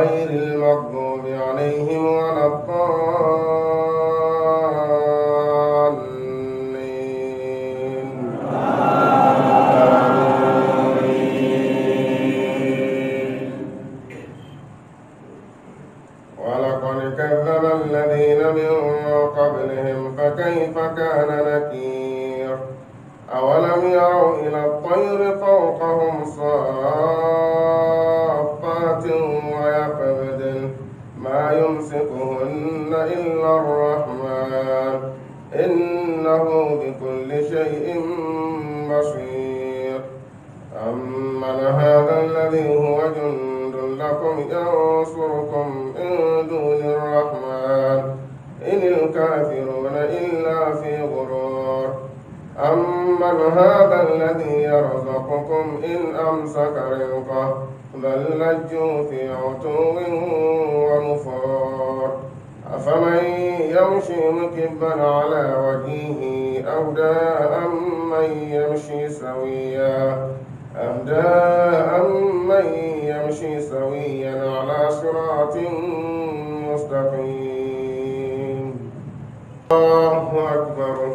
غير المغضوب عليهم ولا الضالين ولقد كذب الذين من قبلهم فكيف كان نكير أولم يروا إلى ما يمسكهن إلا الرحمن إنه بكل شيء بصير أمن هذا الذي هو جند لكم ينصركم من دون الرحمن إن الكافرون إلا في غرور أمن هذا الذي يرزقكم إن أمسك رزقه بل لجوا في عتو ونفور أفمن يمشي مكبا على وجهه أهدى أمن يمشي سويا أهدى أمن يمشي سويا على صراط مستقيم الله أكبر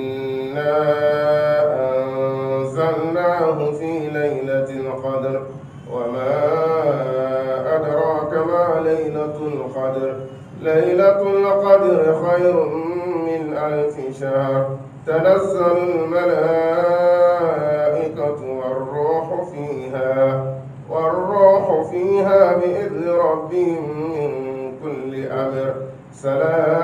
إنا أنزلناه في ليلة القدر وما أدراك ما ليلة القدر ليلة القدر خير من ألف شهر تنزل الملائكة والروح فيها والروح فيها بإذن ربهم من كل أمر سلام